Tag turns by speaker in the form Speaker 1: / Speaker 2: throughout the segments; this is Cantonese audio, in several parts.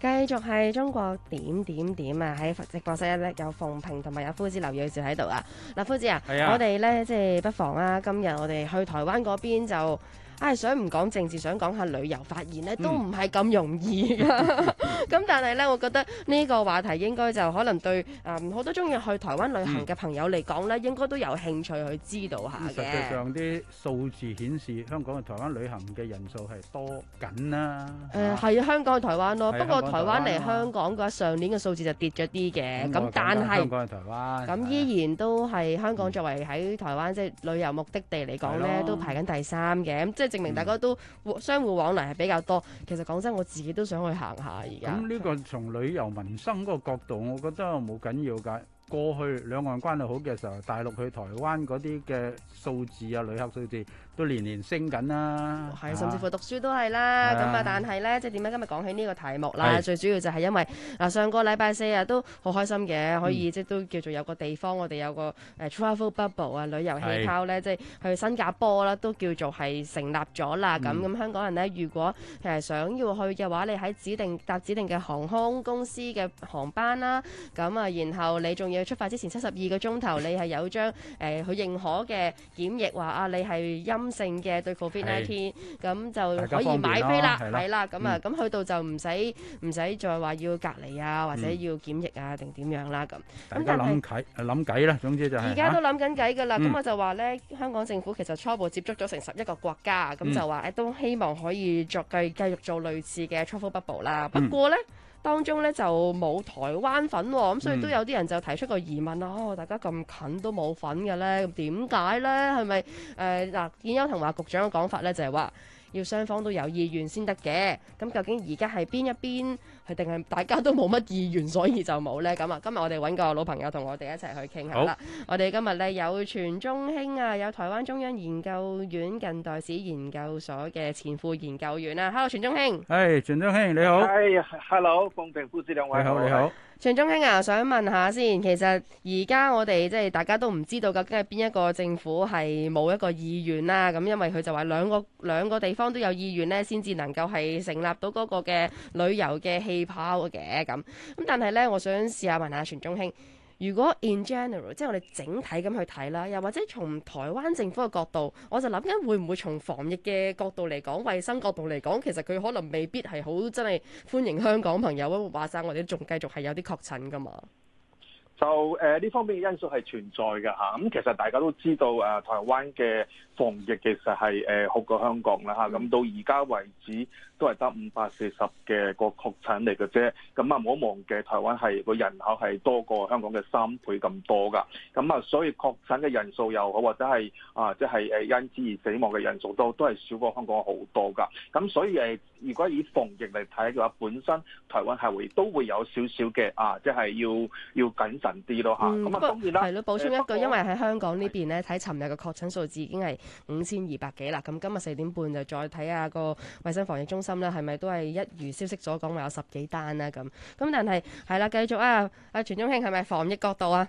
Speaker 1: 繼續係中國點點點啊！喺直播室咧有鳳萍同埋有夫子劉瑞兆喺度啊！嗱，夫子啊，是的 我哋咧即係不妨啦、啊，今日我哋去台灣嗰邊就。唉，想唔講政治，想講下旅遊發言呢，都唔係咁容易㗎。咁但係呢，我覺得呢個話題應該就可能對啊好多中意去台灣旅行嘅朋友嚟講呢，應該都有興趣去知道下嘅。實際上
Speaker 2: 啲數字顯示，香港去台灣旅行嘅人數係多緊啦。誒
Speaker 1: 係啊，香港去台灣咯。不過台灣嚟香港嘅上年嘅數字就跌咗啲嘅。咁但係香港去台灣，咁依然都係香港作為喺台灣即係旅遊目的地嚟講呢，都排緊第三嘅。咁即係。證明大家都相互、嗯、往來係比較多，其實講真，我自己都想去行下而家。咁
Speaker 2: 呢、嗯、個從旅遊民生嗰個角度，我覺得冇緊要㗎。過去兩岸關係好嘅時候，大陸去台灣嗰啲嘅數字啊，旅客數字，都年年升
Speaker 1: 緊、啊、啦，係、啊、甚至乎讀書都係啦，咁啊，但係呢，即係點解今日講起呢個題目啦？是最主要就係因為嗱，上個禮拜四啊，都好開心嘅，可以、嗯、即都叫做有個地方，我哋有個誒 travel bubble 啊，旅遊氣泡呢，是即係去新加坡啦，都叫做係成立咗啦。咁咁、嗯、香港人呢，如果誒想要去嘅話，你喺指定搭指定嘅航空公司嘅航班啦，咁啊，然後你仲要出發之前七十二個鐘頭，你係有張誒佢、呃呃、認可嘅檢疫，話啊，你係陰性嘅對 COVID nineteen，咁就可以買飛啦，係啦，咁啊，咁去到就唔使唔使再話要隔離啊，或者要檢疫啊，定點樣啦咁。咁但係諗
Speaker 2: 計，諗計啦，總之就係而家都諗
Speaker 1: 緊計噶啦。咁我就話咧，香港政府其實初步接觸咗成十一個國家，咁就話誒，都希望可以作繼繼續做類似嘅 travel bubble 啦。不過咧。當中咧就冇台灣粉喎，哦，咁所以都有啲人就提出個疑問啦。嗯、哦，大家咁近都冇粉嘅咧，咁點解咧？係咪誒嗱？建友同埋局長嘅講法咧就係、是、話。要雙方都有意願先得嘅，咁究竟而家係邊一邊，係定係大家都冇乜意願，所以就冇咧？咁啊，今日我哋搵個老朋友同我哋一齊去傾下啦。好我哋今日咧有泉忠兄啊，有台灣中央研究院近代史研究所嘅前副研究員啊，Hello，泉忠兄，
Speaker 2: 係、hey, 泉忠兄。你好。Hello
Speaker 3: 方平夫。子兩位。好，你、hey, 好。
Speaker 1: 泉忠兄啊，想問下先，其實而家我哋即係大家都唔知道究竟係邊一個政府係冇一個意願啦，啊，咁因為佢就話兩個兩個地方都有意願咧，先至能夠係成立到嗰個嘅旅遊嘅氣泡嘅咁。咁但係咧，我想試下問下泉忠兄。如果 in general 即係我哋整體咁去睇啦，又或者從台灣政府嘅角度，我就諗緊會唔會從防疫嘅角度嚟講，衛生角度嚟講，其實佢可能未必係好真係歡迎香港朋友啊！話曬我哋仲繼續係有啲確診噶嘛。
Speaker 3: 就誒呢、呃、方面嘅因素係存在噶嚇，咁、啊、其實大家都知道誒、啊、台灣嘅防疫其實係誒好過香港啦嚇，咁、啊、到而家為止都係得五百四十嘅個確診嚟嘅啫，咁啊唔好忘記台灣係個人口係多過香港嘅三倍咁多噶，咁啊所以確診嘅人數又好，或者係啊即係誒因之而死亡嘅人數都都係少過香港好多噶，咁、啊、所以誒。如果以防疫嚟睇嘅話，本身台灣係會都會有少少嘅啊，即係要要謹慎啲咯嚇。咁啊、嗯、當然啦，補充一句、嗯，因為
Speaker 1: 喺香港邊呢邊咧，睇尋日嘅確診數字已經係五千二百幾啦。咁今日四點半就再睇下個衞生防疫中心咧，係咪都係一如消息所講話有十幾單啦咁。咁但係係啦，繼續啊，阿、啊、全中慶係咪防疫角度啊？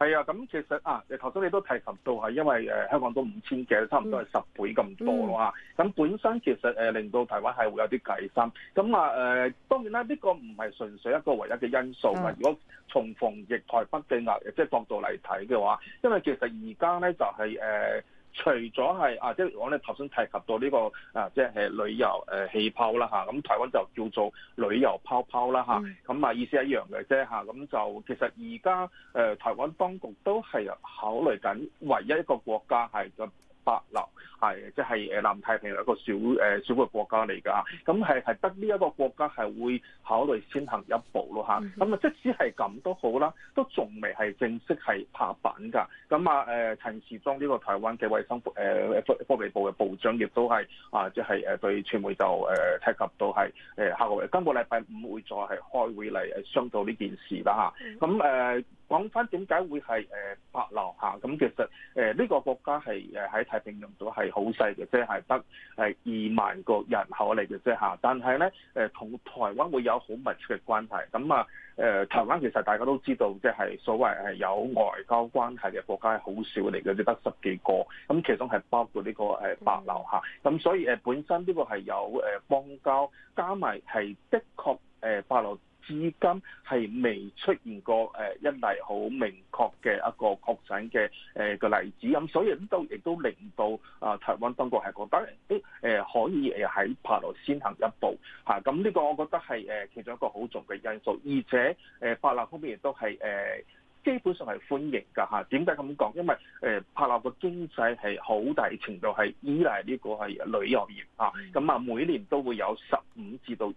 Speaker 3: 係啊，咁其實啊，頭先你都提及到係因為誒、呃、香港都五千幾，差唔多係十倍咁多啦，咁、嗯、本身其實誒、呃、令到台灣係會有啲計心，咁啊誒當然啦，呢、這個唔係純粹一個唯一嘅因素㗎，嗯、如果從防疫台北嘅壓力，即係角度嚟睇嘅話，因為其實而家咧就係、是、誒。呃除咗係啊，即係我哋頭先提及到呢個啊，即係旅遊誒氣泡啦嚇，咁台灣就叫做旅遊泡泡啦嚇，咁啊意思一樣嘅啫嚇，咁就其實而家誒台灣當局都係考慮緊，唯一一個國家係個帛琉。係，即係誒南太平洋一個小誒小嘅國家嚟㗎，咁係係得呢一個國家係會考慮先行一步咯吓，咁即使係咁都好啦，都仲未係正式係拍板㗎，咁啊誒陳時中呢個台灣嘅衛生誒、呃、科科技部嘅部長亦都係啊，即係誒對傳媒就誒、呃、提及到係誒、呃、下個今個禮拜五會再係開會嚟商討呢件事啦吓，咁誒、mm。Hmm. 講翻點解會係誒帛琉夏，咁其實誒呢個國家係誒喺太平洋度係好細嘅，即係得係二萬個人口嚟嘅啫嚇。但係咧誒同台灣會有好密切嘅關係。咁啊誒台灣其實大家都知道，即係所謂係有外交關係嘅國家係好少嚟嘅，只得十幾個。咁其中係包括呢個誒帛琉夏。咁所以誒本身呢個係有誒邦交，加埋係的確誒帛琉。至今係未出現過誒一例好明確嘅一個確診嘅誒個例子，咁、啊、所以呢都亦都令到啊、呃、台灣當局係覺得啲、欸呃、可以誒喺帕勞先行一步嚇，咁、啊、呢個我覺得係誒、呃、其中一個好重嘅因素，而且誒法律方面亦都係誒。呃基本上係歡迎㗎嚇，點解咁講？因為誒帕勞個經濟係好大程度係依賴呢個係旅遊業啊，咁啊每年都會有十五至到二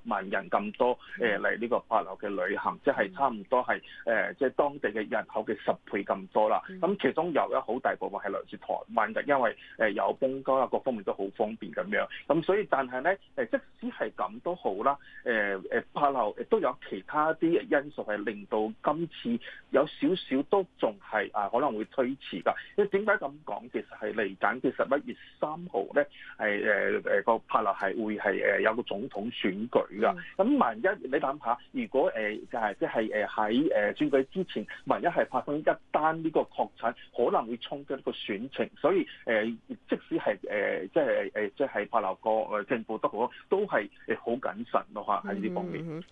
Speaker 3: 十萬人咁多誒嚟呢個帕勞嘅旅行，即係差唔多係誒即係當地嘅人口嘅十倍咁多啦。咁其中有一好大部分係來自台灣嘅，因為誒有邦交啦，各方面都好方便咁樣。咁所以但係咧誒，即使係咁都好啦，誒誒帕勞誒都有其他啲因素係令到今次。有少少都仲係啊，可能會推遲㗎。因為點解咁講？其實係嚟緊嘅十一月三號咧，係誒誒個帕勞係會係誒有個總統選舉㗎。咁、嗯、萬一你諗下，如果誒、呃、就係即係誒喺誒選舉之前，萬一係發生一單呢個確診，可能會衝擊呢個選情。所以誒、呃，即使係誒即係誒即係帕勞個政府都好，都係誒好謹慎嘅話喺呢方面。嗯嗯
Speaker 1: 嗯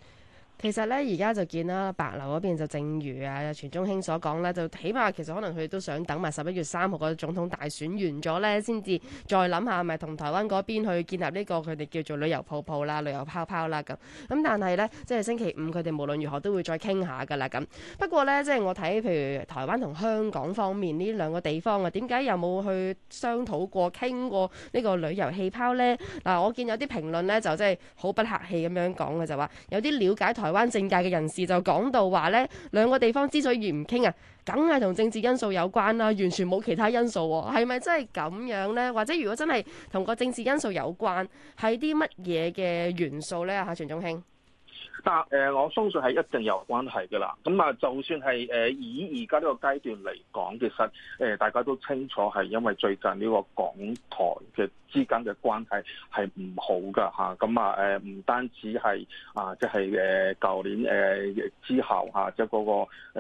Speaker 1: 其實咧，而家就見啦，白樓嗰邊就正如啊，泉忠兄所講咧，就起碼其實可能佢都想等埋十一月三號嗰總統大選完咗咧，先至再諗下，咪同台灣嗰邊去建立呢個佢哋叫做旅遊泡泡啦、旅遊泡泡啦咁。咁但係咧，即係星期五佢哋無論如何都會再傾下噶啦咁。不過咧，即係我睇，譬如台灣同香港方面呢兩個地方啊，點解有冇去商討過、傾過呢個旅遊氣泡咧？嗱，我見有啲評論咧就即係好不客氣咁樣講嘅，就話有啲了解台台灣政界嘅人士就講到話咧，兩個地方之所以唔傾啊，梗係同政治因素有關啦，完全冇其他因素。係咪真係咁樣呢？或者如果真係同個政治因素有關，係啲乜嘢嘅元素呢？」。吓，泉忠兄。
Speaker 3: 嗱，誒，我相信係一定有關係㗎啦。咁啊，就算係誒以而家呢個階段嚟講，其實誒大家都清楚係因為最近呢個港台嘅之間嘅關係係唔好㗎嚇。咁啊誒，唔單止係啊，即係誒舊年誒之後嚇，即係嗰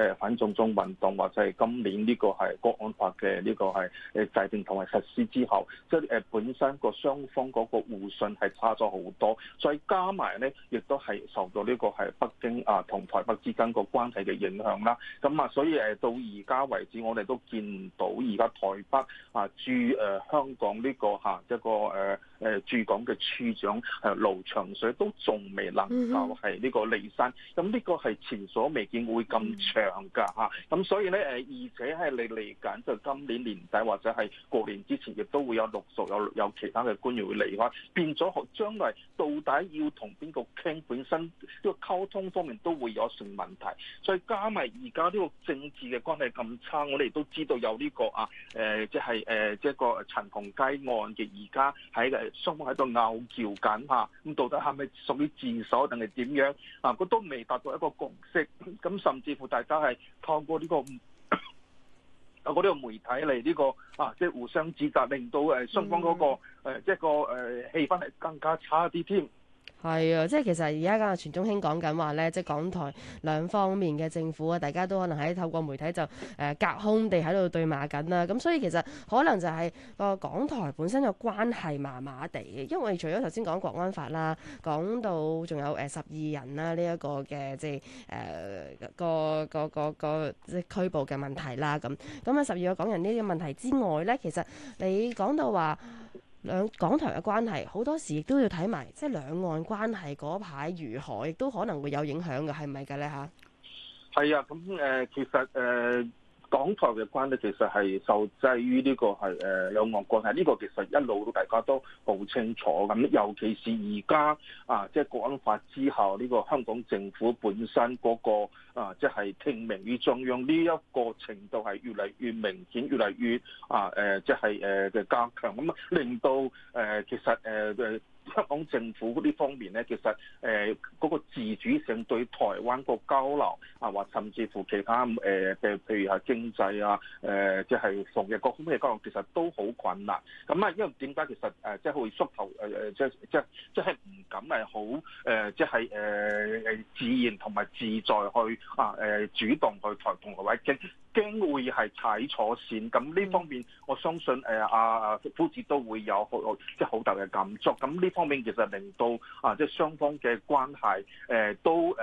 Speaker 3: 個反送中運動，或者係今年呢個係國安法嘅呢個係誒制定同埋實施之後，即係誒本身個雙方嗰個互信係差咗好多。再加埋咧，亦都係受到，呢個係北京啊同台北之間個關係嘅影響啦，咁啊，所以誒，到而家為止，我哋都見到而家台北啊駐誒香港呢、呢個嚇一、這個誒。呃誒駐港嘅處長係盧長水都仲未能夠係呢個離山，咁呢個係前所未見會咁長㗎嚇。咁、啊、所以咧誒，而且係你嚟緊就今年年底或者係過年之前，亦都會有陸續有有其他嘅官員會離開，變咗將來到底要同邊個傾，本身呢個溝通方面都會有成問題。所以加埋而家呢個政治嘅關係咁差，我哋都知道有呢、呢個啊誒，即係誒即係個陳同佳案嘅，而家喺誒。雙方喺度拗撬緊嚇，咁到底係咪屬於自首定係點樣？嗱、啊，佢都未達到一個共識，咁、啊、甚至乎大家係透過呢、這個啊嗰啲個媒體嚟呢、這個啊，即、就、係、是、互相指責，令到誒雙方嗰、那個即係、嗯啊就是那個誒、啊、氣氛係更加差啲添。
Speaker 1: 係啊，即係其實而家嘅全中興講緊話咧，即係港台兩方面嘅政府啊，大家都可能喺透過媒體就誒、呃、隔空地喺度對罵緊啦。咁、嗯、所以其實可能就係個港台本身嘅關係麻麻地嘅，因為除咗頭先講國安法啦，講到仲有誒十二人啦呢一個嘅即係誒個個個個即係、就是、拘捕嘅問題啦咁。咁啊十二個港人呢啲問題之外咧，其實你講到話。兩港台嘅關係，好多時亦都要睇埋，即係兩岸關係嗰排如何，亦都可能會有影響嘅，係咪嘅咧？吓，
Speaker 3: 係啊，咁、呃、誒，其實誒。呃港台嘅關係，其實係受制於呢個兩岸關係，誒有惡國，係、這、呢個其實一路大家都好清楚咁。尤其是而家啊，即係《國安法》之後，呢、這個香港政府本身嗰、那個啊，即、就、係、是、聽命於中央呢一、這個程度係越嚟越明顯，越嚟越啊誒，即係誒嘅加強咁、嗯，令到誒、呃、其實誒誒。呃香港政府嗰啲方面咧，其實誒嗰、呃那個自主性對台灣個交流啊，或甚至乎其他誒誒，譬、呃、如係經濟啊，誒即係防疫各方面嘅交流，其實都好困難。咁啊，因為點解其實誒即係會縮頭誒誒，即係即係即係唔敢係好誒，即係誒誒自然同埋自在去啊誒、呃、主動去台同台灣傾，驚會係踩錯線。咁呢方面，我相信誒阿阿夫子都會有即係好大嘅感觸。咁呢方面其實令到啊，即係雙方嘅關係，誒都誒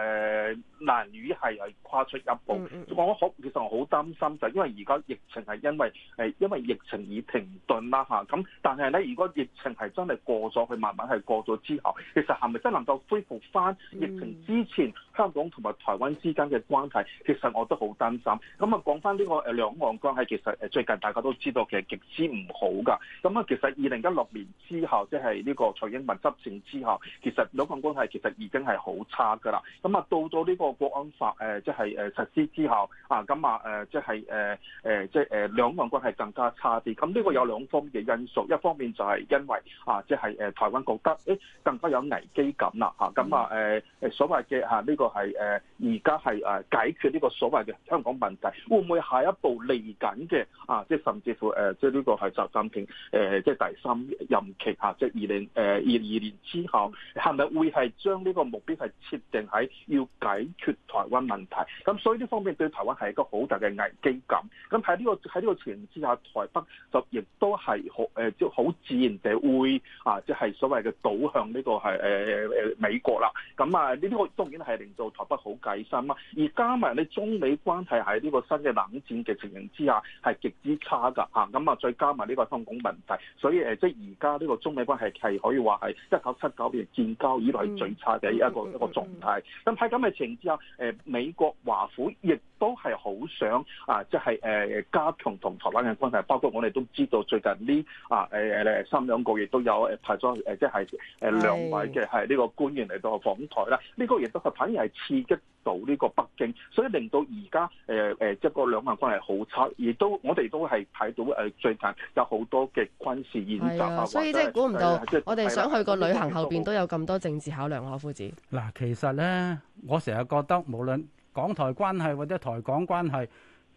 Speaker 3: 難於係係跨出一步。我好、mm. 其實我好擔心就係因為而家疫情係因為誒、呃、因為疫情而停頓啦嚇。咁、啊、但係咧，如果疫情係真係過咗，佢慢慢係過咗之後，其實係咪真能夠恢復翻疫情之前、mm. 香港同埋台灣之間嘅關係？其實我都好擔心。咁、嗯、啊，講翻呢個誒兩岸關係，其實誒最近大家都知道其實極之唔好㗎。咁、嗯、啊，其實二零一六年之後即係呢個蔡英文物執政之後，其實兩岸關係其實已經係好差㗎喇。咁啊，到咗呢個國安法誒、呃，即係誒實施之後啊，咁啊誒，即係誒誒，即係誒兩岸關係更加差啲。咁呢個有兩方面嘅因素，一方面就係因為啊，即係誒台灣覺得誒、欸、更加有危機感啦嚇。咁啊誒誒、啊呃、所謂嘅嚇呢個係誒而家係誒解決呢個所謂嘅香港問題，會唔會下一步嚟緊嘅啊？即係甚至乎誒、啊，即係呢個係習近平誒、啊，即係第三任期嚇、啊，即係二零誒。啊二二年之後，係咪會係將呢個目標係設定喺要解決台灣問題？咁所以呢方面對台灣係一個好大嘅危機感。咁喺呢個喺呢個情形之下，台北就亦都係好誒，即、呃、好自然地會啊，即、就、係、是、所謂嘅倒向呢、這個係誒誒美國啦。咁啊，呢啲個當然係令到台北好戒心啊。而加埋你中美關係喺呢個新嘅冷戰嘅情形之下係極之差㗎嚇。咁啊，再加埋呢個香港問題，所以誒、呃，即係而家呢個中美關係係可以話。係一九七九年建交，以來係最差嘅一個一個狀態。近排咁嘅情之下，誒美國華府亦都係好想啊，即係誒加強同台灣嘅關係。包括我哋都知道最近呢啊誒誒三兩個月都有誒派咗誒即係誒兩位嘅係呢個官員嚟到訪台啦。呢、呢個亦都係反而係刺激。到呢個北京，所以令到而家誒誒，即係個兩岸關係好差，而都我哋都係睇到誒最近有好多嘅軍事演習。係啊，所以即係估唔到，我哋想去個旅行後
Speaker 1: 邊都有咁多政治考量可夫子。嗱，其
Speaker 2: 實咧，我成日覺得無論港台關係或者台港關係，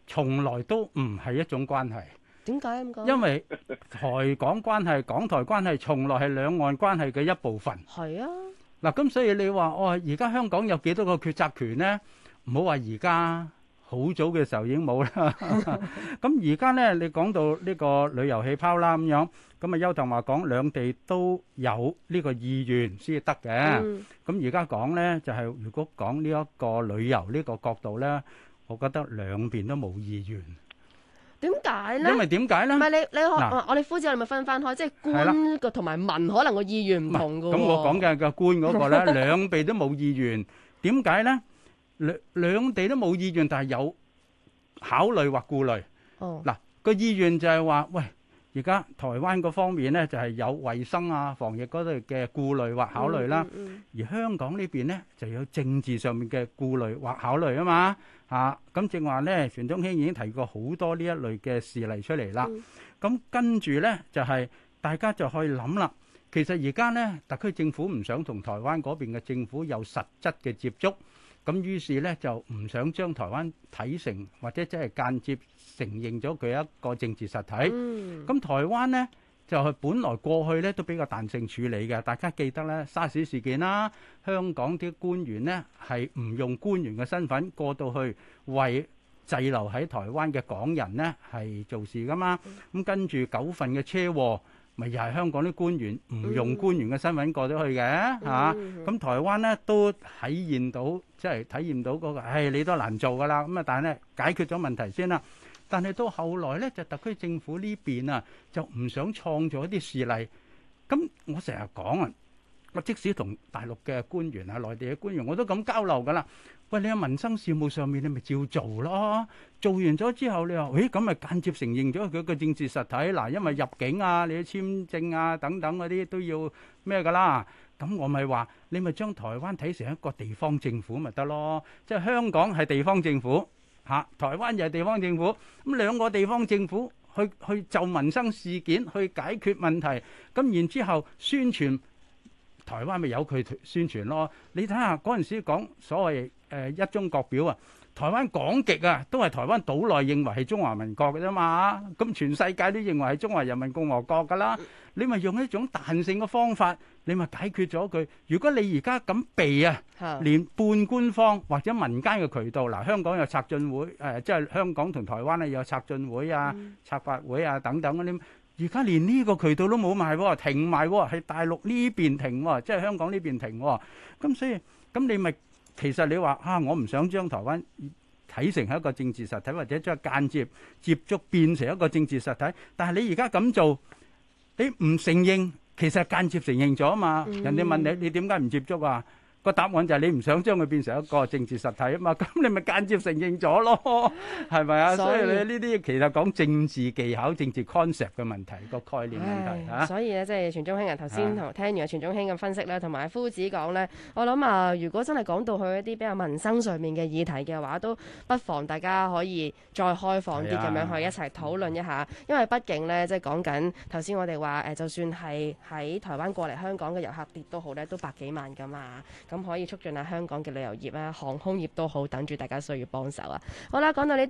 Speaker 2: 從來都唔係一種關係。
Speaker 1: 點解咁講？因為
Speaker 2: 台港關係、港台關係從來係兩岸關係嘅一部分。係啊。嗱，咁所以你話，哦，而家香港有幾多個決策權咧？唔好話而家，好早嘅時候已經冇啦。咁而家咧，你講到呢個旅遊氣泡啦，咁樣，咁啊邱騰華話講兩地都有呢個意願先得嘅。咁而家講咧，就係如果講呢一個旅遊呢個角度咧，我覺得兩邊都冇意願。
Speaker 1: 點解咧？因為點
Speaker 2: 解咧？唔係你你我我
Speaker 1: 哋夫子係咪分翻開？即係官個同埋民可能個意願唔同噶喎。咁我講
Speaker 2: 嘅個官嗰個咧，兩地都冇意願。點解咧？兩兩地都冇意願，但係有考慮或顧慮。哦，嗱個意願就係話喂。而家台灣嗰方面呢，就係、是、有衞生啊、防疫嗰類嘅顧慮或考慮啦。嗯嗯、而香港呢邊呢，就有政治上面嘅顧慮或考慮啊嘛。啊，咁正話呢，泉忠兄已經提過好多呢一類嘅事例出嚟啦。咁、嗯、跟住呢，就係、是、大家就去以諗啦。其實而家呢，特區政府唔想同台灣嗰邊嘅政府有實質嘅接觸，咁於是呢，就唔想將台灣睇成或者即係間接。承認咗佢一個政治實體。咁台灣咧就係本來過去咧都比較彈性處理嘅。大家記得咧，沙士事件啦，香港啲官員咧係唔用官員嘅身份過到去，為滯留喺台灣嘅港人咧係做事噶嘛。咁跟住九份嘅車禍，咪又係香港啲官員唔用官員嘅身份過咗去嘅嚇。咁台灣咧都體現到，即係體現到嗰個，唉，你都難做噶啦。咁啊，但係咧解決咗問題先啦。但係到後來咧，就特區政府呢邊啊，就唔想創造一啲事例。咁我成日講啊，我即使同大陸嘅官員啊、內地嘅官員，我都咁交流㗎啦。喂，你喺民生事務上面，你咪照做咯。做完咗之後，你話，誒咁咪間接承認咗佢個政治實體嗱，因為入境啊、你嘅簽證啊等等嗰啲都要咩㗎啦。咁我咪話，你咪將台灣睇成一個地方政府咪得咯。即係香港係地方政府。嚇、啊！台灣又係地方政府，咁兩個地方政府去去就民生事件去解決問題，咁然之後宣傳台灣咪由佢宣傳咯。你睇下嗰陣時講所謂誒、呃、一中國表啊！台灣港極啊，都係台灣島內認為係中華民國嘅啫嘛，咁全世界都認為係中華人民共和國㗎啦。你咪用一種彈性嘅方法，你咪解決咗佢。如果你而家咁避啊，連半官方或者民間嘅渠道，嗱，香港有策進會，誒即係香港同台灣咧有策進會啊、策法會啊等等嗰啲。而家連呢個渠道都冇埋喎，停埋喎，喺大陸呢邊停，即係香港呢邊停。咁所以咁你咪。其實你話啊，我唔想將台灣睇成係一個政治實體，或者將間接接觸變成一個政治實體。但係你而家咁做，你唔承認，其實間接承認咗啊嘛。人哋問你，你點解唔接觸啊？個答案就係你唔想將佢變成一個政治實體啊嘛，咁你咪間接承認咗咯，係咪啊？所以呢啲其實講政治技巧、政治 concept 嘅問題，個概念問題嚇。唉啊、所
Speaker 1: 以咧，即係全中興人頭先同聽完全中興嘅分析咧，同埋的夫子講咧，我諗啊，如果真係講到去一啲比較民生上面嘅議題嘅話，都不妨大家可以再開放啲咁樣去一齊討論一下，的因為畢竟咧，即係講緊頭先我哋話誒，就算係喺台灣過嚟香港嘅遊客跌都好咧，都百幾萬噶嘛。咁可以促進下香港嘅旅遊業啦，航空業都好，等住大家需要幫手啊！好啦，講到呢。